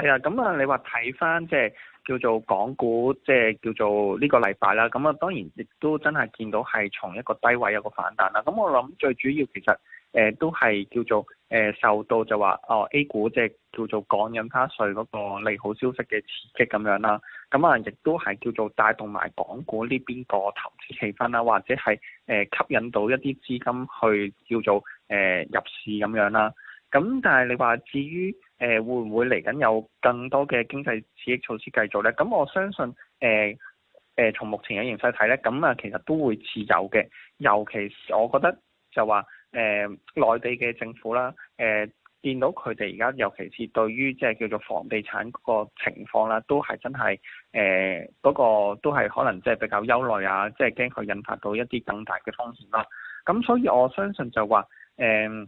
係啊，咁啊，你話睇翻即係叫做港股，即係叫做呢個禮拜啦。咁啊，當然亦都真係見到係從一個低位有個反彈啦。咁我諗最主要其實誒都係叫做誒受到就話哦 A 股即係叫做降印花稅嗰個利好消息嘅刺激咁樣啦。咁啊，亦都係叫做帶動埋港股呢邊個投資氣氛啦，或者係誒吸引到一啲資金去叫做誒入市咁樣啦。咁但係你話至於，誒會唔會嚟緊有更多嘅經濟刺激措施繼續呢？咁我相信誒誒從目前嘅形勢睇咧，咁、呃、啊其實都會持有嘅。尤其是我覺得就話誒內地嘅政府啦，誒、呃、見到佢哋而家尤其是對於即係叫做房地產嗰個情況啦，都係真係誒嗰個都係可能即係比較憂慮啊，即係驚佢引發到一啲更大嘅風險啦、啊。咁所以我相信就話誒。呃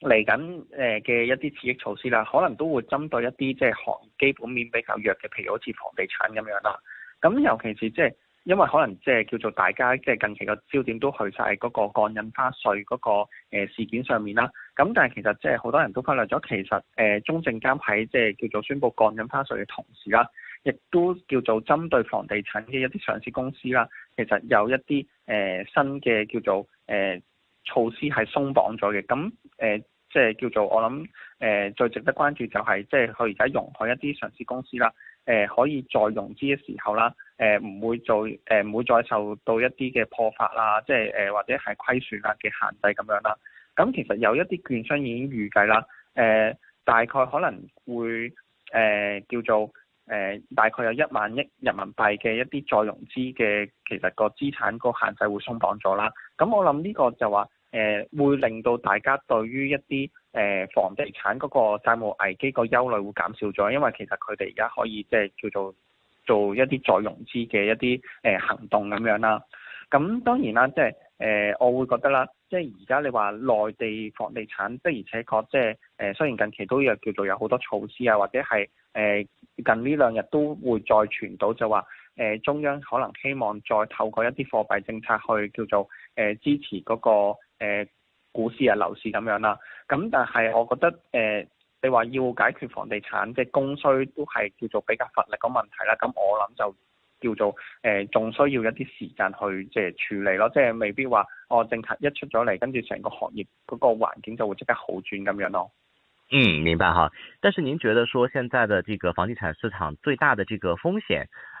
嚟緊誒嘅一啲刺激措施啦，可能都會針對一啲即係行業基本面比較弱嘅，譬如好似房地產咁樣啦。咁尤其是即係因為可能即係叫做大家即係近期個焦點都去晒嗰個降印花稅嗰個誒事件上面啦。咁但係其實即係好多人都忽略咗，其實誒中證監喺即係叫做宣布降印花稅嘅同時啦，亦都叫做針對房地產嘅一啲上市公司啦，其實有一啲誒新嘅叫做誒。措施係鬆綁咗嘅，咁誒即係叫做我諗誒、呃、最值得關注就係即係佢而家容許一啲上市公司啦，誒、呃、可以再融資嘅時候啦，誒、呃、唔會做誒唔、呃、會再受到一啲嘅破發啦，即係誒、呃、或者係虧損啦嘅限制咁樣啦。咁其實有一啲券商已經預計啦，誒、呃、大概可能會誒、呃、叫做誒、呃、大概有一萬億人民幣嘅一啲再融資嘅其實個資產個限制會鬆綁咗啦。咁我諗呢個就話。誒會令到大家對於一啲誒房地產嗰個債務危機個憂慮會減少咗，因為其實佢哋而家可以即係叫做做一啲再融資嘅一啲誒行動咁樣啦。咁當然啦，即係誒我會覺得啦，即係而家你話內地房地產，的而且確即係誒雖然近期都有叫做有好多措施啊，或者係誒近呢兩日都會再傳到就話誒中央可能希望再透過一啲貨幣政策去叫做誒支持嗰個。誒，股市啊、樓市咁樣啦，咁但係我覺得誒，你話要解決房地產嘅供需都係叫做比較乏力嘅問題啦，咁我諗就叫做誒，仲需要一啲時間去即係處理咯，即係未必話我政策一出咗嚟，跟住成個行業嗰個環境就會即刻好轉咁樣咯。嗯，明白哈。但是您覺得說現在的這個房地產市場最大的這個風險？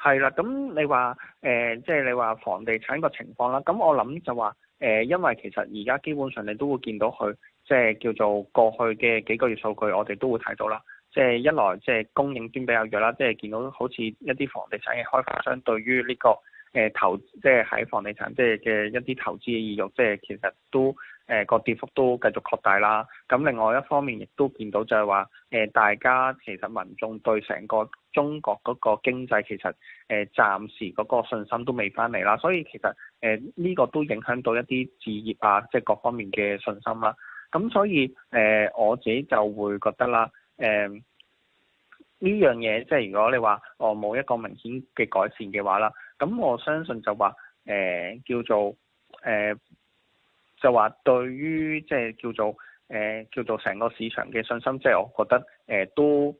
係啦，咁你話誒，即、呃、係、就是、你話房地產個情況啦，咁我諗就話誒、呃，因為其實而家基本上你都會見到佢，即、就、係、是、叫做過去嘅幾個月數據，我哋都會睇到啦。即、就、係、是、一來即係供應端比較弱啦，即、就、係、是、見到好似一啲房地產嘅開發商對於呢、這個誒、呃、投，即係喺房地產即係嘅一啲投資嘅意欲，即、就、係、是、其實都。誒個跌幅都繼續擴大啦，咁另外一方面亦都見到就係話，誒、呃、大家其實民眾對成個中國嗰個經濟其實誒暫、呃、時嗰個信心都未翻嚟啦，所以其實誒呢、呃這個都影響到一啲置業啊，即、就、係、是、各方面嘅信心啦。咁所以誒、呃、我自己就會覺得啦，誒、呃、呢樣嘢即係如果你話我冇一個明顯嘅改善嘅話啦，咁我相信就話誒、呃、叫做誒。呃就話對於即係叫做誒、呃、叫做成個市場嘅信心，即、就、係、是、我覺得誒、呃、都誒、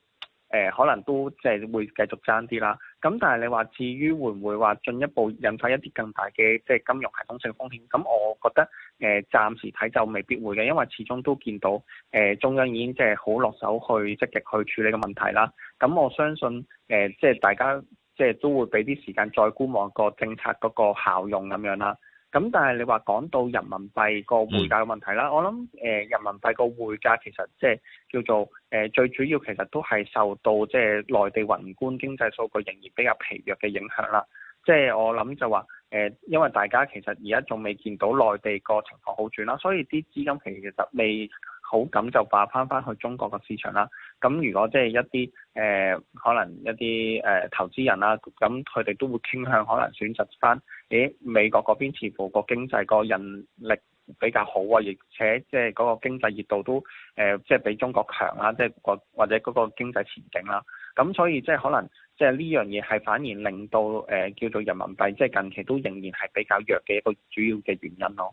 呃、可能都即係會繼續爭啲啦。咁但係你話至於會唔會話進一步引發一啲更大嘅即係金融系統性風險？咁我覺得誒、呃、暫時睇就未必會嘅，因為始終都見到誒、呃、中央已經即係好落手去積極去處理個問題啦。咁我相信誒即係大家即係都會俾啲時間再觀望個政策嗰個效用咁樣啦。咁但係你話講到人民幣個匯價嘅問題啦、嗯，我諗誒、呃、人民幣個匯價其實即係叫做誒、呃、最主要其實都係受到即係內地宏觀經濟數據仍然比較疲弱嘅影響啦。即、就、係、是、我諗就話誒、呃，因為大家其實而家仲未見到內地個情況好轉啦，所以啲資金其實其實未。好咁就爆翻翻去中國個市場啦。咁如果即係一啲、呃、可能一啲、呃、投資人啦，咁佢哋都會傾向可能選擇翻，誒美國嗰邊似乎個經濟個人力比較好啊，而且即係嗰個經濟熱度都即係、呃就是、比中國強啦，即或者嗰個經濟前景啦。咁所以即係可能即係呢樣嘢係反而令到、呃、叫做人民幣，即、就、係、是、近期都仍然係比較弱嘅一個主要嘅原因咯。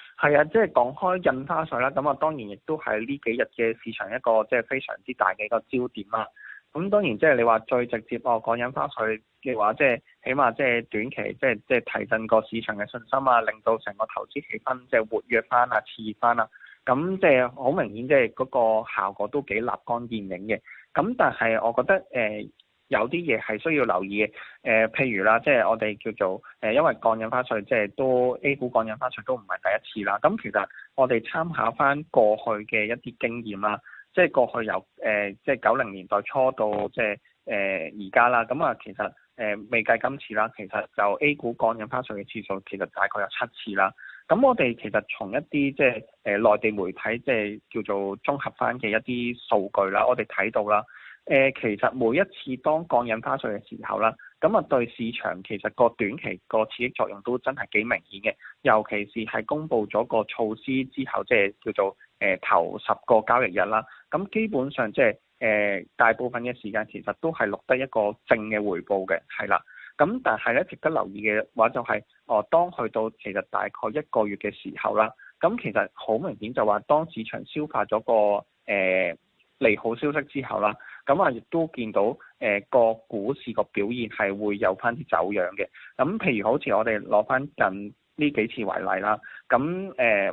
係啊，即係講開印花稅啦，咁啊當然亦都係呢幾日嘅市場一個即係非常之大嘅一個焦點啦。咁當然即係你話最直接我講印花稅嘅話，即係起碼即係短期即係即係提振個市場嘅信心啊，令到成個投資氣氛即係活躍翻啊，刺激翻啊。咁即係好明顯即係嗰個效果都幾立竿見影嘅。咁但係我覺得誒，有啲嘢係需要留意嘅，誒、呃，譬如啦，即係我哋叫做誒、呃，因為降印花稅，即係都 A 股降印花稅都唔係第一次啦。咁其實我哋參考翻過去嘅一啲經驗啦，即係過去由誒、呃，即係九零年代初到即係誒而家啦。咁啊，其實誒、呃，未計今次啦，其實就 A 股降印花稅嘅次數其實大概有七次啦。咁我哋其實從一啲即係誒、呃，內地媒體即係叫做綜合翻嘅一啲數據啦，我哋睇到啦。誒、呃，其實每一次當降印花稅嘅時候啦，咁啊對市場其實個短期個刺激作用都真係幾明顯嘅，尤其是係公布咗個措施之後，即係叫做誒、呃、頭十個交易日啦。咁基本上即係誒大部分嘅時間其實都係錄得一個正嘅回報嘅，係啦。咁但係咧值得留意嘅話就係、是，哦、呃，當去到其實大概一個月嘅時候啦，咁其實好明顯就話當市場消化咗個誒、呃、利好消息之後啦。咁啊，亦都見到誒個股市個表現係會有翻啲走樣嘅。咁譬如好似我哋攞翻近呢幾次為例啦，咁、呃、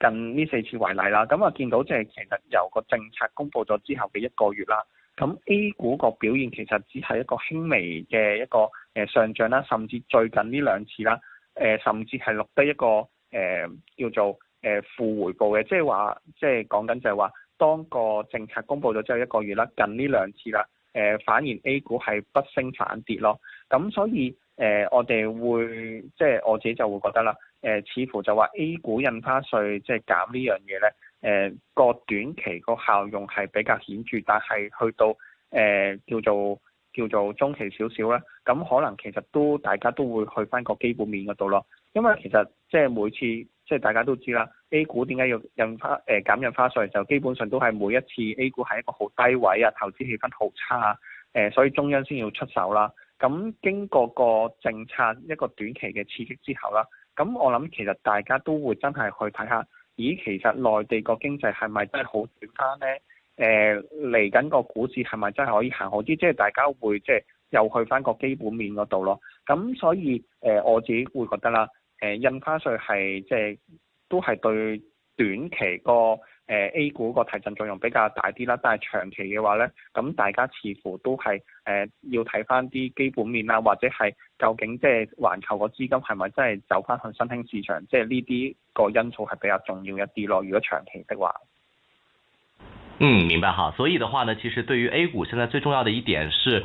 近呢四次為例啦，咁啊見到即係其實由個政策公布咗之後嘅一個月啦，咁 A 股個表現其實只係一個輕微嘅一個上漲啦，甚至最近呢兩次啦、呃，甚至係錄得一個、呃、叫做誒、呃、負回報嘅，即係話即係講緊就係、是、話。就是當個政策公布咗之後一個月啦，近呢兩次啦，誒、呃、反而 A 股係不升反跌咯。咁所以誒、呃，我哋會即係我自己就會覺得啦，誒、呃、似乎就話 A 股印花稅即係減呢樣嘢咧，誒、呃、個短期個效用係比較顯著，但係去到誒、呃、叫做叫做中期少少咧，咁可能其實都大家都會去返個基本面嗰度咯，因為其實即係每次。即係大家都知啦，A 股點解要印花誒減印花稅？就基本上都係每一次 A 股係一個好低位啊，投資氣氛好差啊，誒所以中央先要出手啦。咁經過個政策一個短期嘅刺激之後啦，咁我諗其實大家都會真係去睇下，咦其實內地個經濟係咪真係好轉翻呢？誒嚟緊個股市係咪真係可以行好啲？即係大家會即係又去翻個基本面嗰度咯。咁所以誒我自己會覺得啦。印花稅係即係都係對短期個誒 A 股個提振作用比較大啲啦，但係長期嘅話呢，咁大家似乎都係誒要睇翻啲基本面呀，或者係究竟即係環球個資金係咪真係走翻去新興市場，即係呢啲個因素係比較重要一啲咯。如果長期的話，嗯，明白。所以嘅話呢，其實對於 A 股現在最重要的一點是。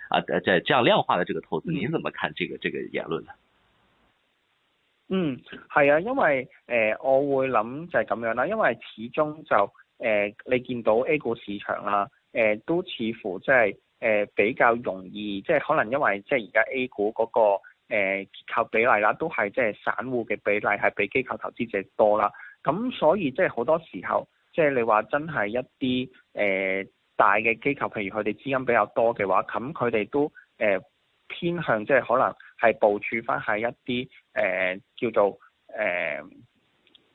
啊，誒，即係這樣量化的這個投資，您怎麼看這個、嗯、這個言論呢？嗯，係啊，因為誒、呃，我會諗就係咁樣啦，因為始終就誒、呃，你見到 A 股市場啦，誒、呃，都似乎即係誒比較容易，即係可能因為即係而家 A 股嗰個誒結構比例啦，都係即係散戶嘅比例係比機構投資者多啦，咁所以即係好多時候，即係你話真係一啲誒。呃大嘅機構，譬如佢哋資金比較多嘅話，咁佢哋都誒、呃、偏向，即係可能係部署翻喺一啲誒、呃、叫做誒嗰、呃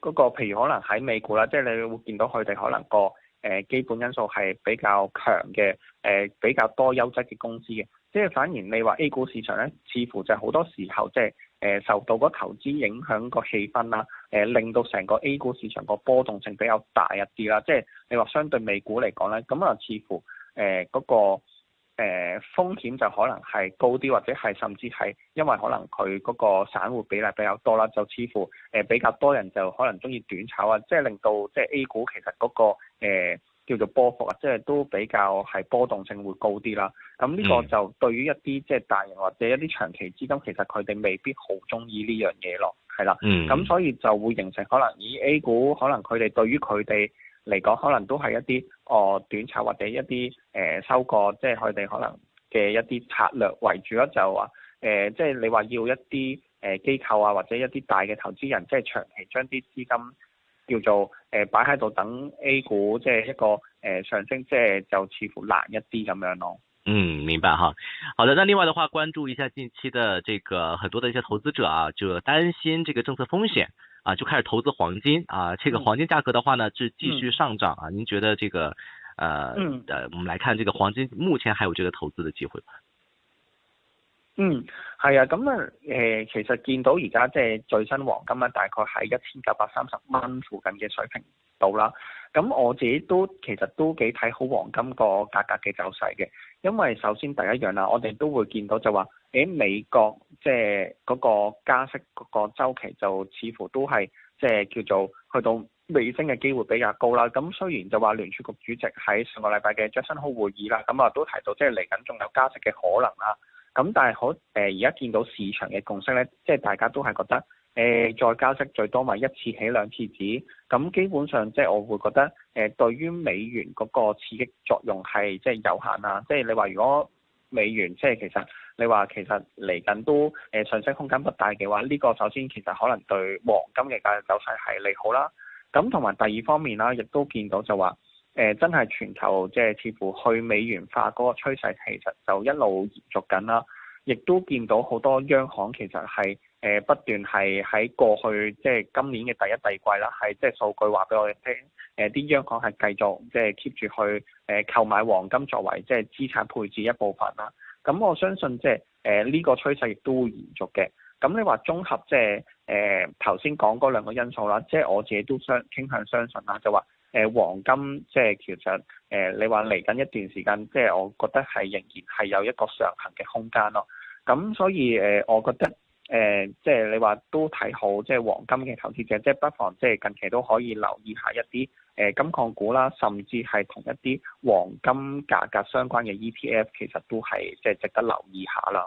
嗰個，譬如可能喺美股啦，即係你會見到佢哋可能個誒、呃、基本因素係比較強嘅，誒、呃、比較多優質嘅公司嘅。即係反而你話 A 股市場咧，似乎就好多時候即係誒受到個投資影響個氣氛啦，誒令到成個 A 股市場個波動性比較大一啲啦。即係你話相對美股嚟講咧，咁啊似乎誒嗰個誒風險就可能係高啲，或者係甚至係因為可能佢嗰個散戶比例比較多啦，就似乎誒比較多人就可能中意短炒啊，即係令到即係 A 股其實嗰個誒叫做波幅啊，即係都比較係波動性會高啲啦。咁呢個就對於一啲即係大型或者一啲長期資金，其實佢哋未必好中意呢樣嘢咯，係啦。咁、嗯、所以就會形成可能以 A 股，可能佢哋對於佢哋嚟講可能都係一啲哦、呃、短炒或者一啲誒、呃、收購，即係佢哋可能嘅一啲策略為主咯。就話誒、呃、即係你話要一啲誒、呃、機構啊，或者一啲大嘅投資人，即係長期將啲資金。叫做誒擺喺度等 A 股即係、就是、一個、呃、上升，即係就似乎難一啲咁樣咯、哦。嗯，明白哈，好的。那另外的話，關注一下近期的這個很多的一些投資者啊，就擔心這個政策風險啊，就開始投資黃金啊。這個黃金價格的話呢，是繼續上漲啊、嗯。您覺得這個，呃、嗯，呃，我們來看這個黃金目前還有這個投資的機會嗎？嗯，係啊，咁啊，誒，其實見到而家即係最新黃金咧，大概喺一千九百三十蚊附近嘅水平度啦。咁我自己都其實都幾睇好黃金個價格嘅走勢嘅，因為首先第一樣啦，我哋都會見到就話誒、哎、美國即係嗰個加息嗰個週期就似乎都係即係叫做去到尾聲嘅機會比較高啦。咁雖然就話聯儲局主席喺上個禮拜嘅最新好 k s 會議啦，咁啊都提到即係嚟緊仲有加息嘅可能啦。咁但係好誒，而家見到市場嘅共識呢，即係大家都係覺得誒再加息最多咪一次起兩次止，咁基本上即係我會覺得誒對於美元嗰個刺激作用係即係有限啦。即係你話如果美元即係、就是就是、其實你話其實嚟緊都誒上升空間不大嘅話，呢個首先其實可能對黃金嘅價位走勢係利好啦。咁同埋第二方面啦，亦都見到就話。誒、呃、真係全球即係、呃、似乎去美元化嗰個趨勢，其實就一路延續緊啦。亦都見到好多央行其實係誒、呃、不斷係喺過去即係今年嘅第一季啦，係即係數據話俾我哋聽，誒、呃、啲央行係繼續即係 keep 住去誒、呃、購買黃金作為即係資產配置一部分啦。咁我相信即係誒呢個趨勢亦都會延續嘅。咁你話綜合即係誒頭先講嗰兩個因素啦，即係我自己都相傾向相信啦，就話。誒黃金即係其實誒，你話嚟緊一段時間，即係我覺得係仍然係有一個上行嘅空間咯。咁所以誒，我覺得誒，即係你話都睇好，即係黃金嘅投資者，即係不妨即係近期都可以留意下一啲誒金礦股啦，甚至係同一啲黃金價格相關嘅 ETF，其實都係即係值得留意下啦。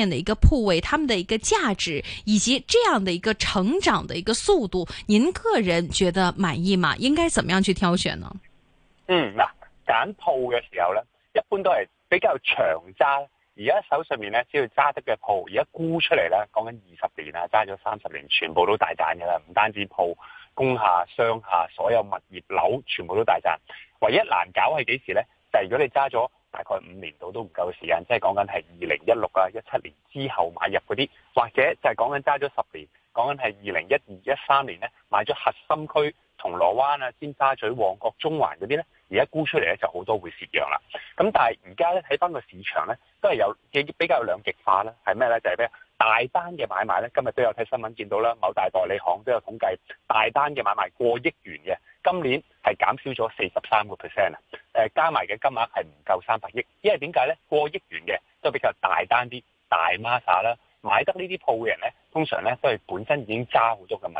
的一個鋪位，他們的一個價值以及這樣的一個成長的一個速度，您個人覺得滿意嗎？應該怎麼樣去挑選呢？嗯，嗱、啊，揀鋪嘅時候呢，一般都係比較長揸。而家手上面呢，只要揸得嘅鋪，而家沽出嚟呢，講緊二十年啊，揸咗三十年，全部都大賺噶啦。唔單止鋪，工廈、商廈，所有物業樓，全部都大賺。唯一難搞係幾時呢？就係、是、如果你揸咗。大概五年度都唔夠時間，即係講緊係二零一六啊一七年之後買入嗰啲，或者就係講緊揸咗十年，講緊係二零一二一三年呢，買咗核心區銅鑼灣啊、尖沙咀、旺角、中環嗰啲呢。而家沽出嚟呢就好多會蝕讓啦。咁但係而家呢，睇返個市場呢，都係有比較有兩極化啦。係咩呢？就係咩？大單嘅買賣咧，今日都有睇新聞見到啦。某大代理行都有統計，大單嘅買賣過億元嘅，今年係減少咗四十三個 percent 啊。誒，加埋嘅金額係唔夠三百億，因為點解咧？過億元嘅都比較大單啲，大 Masa 啦，買得呢啲鋪嘅人咧，通常咧都係本身已經揸好多嘅物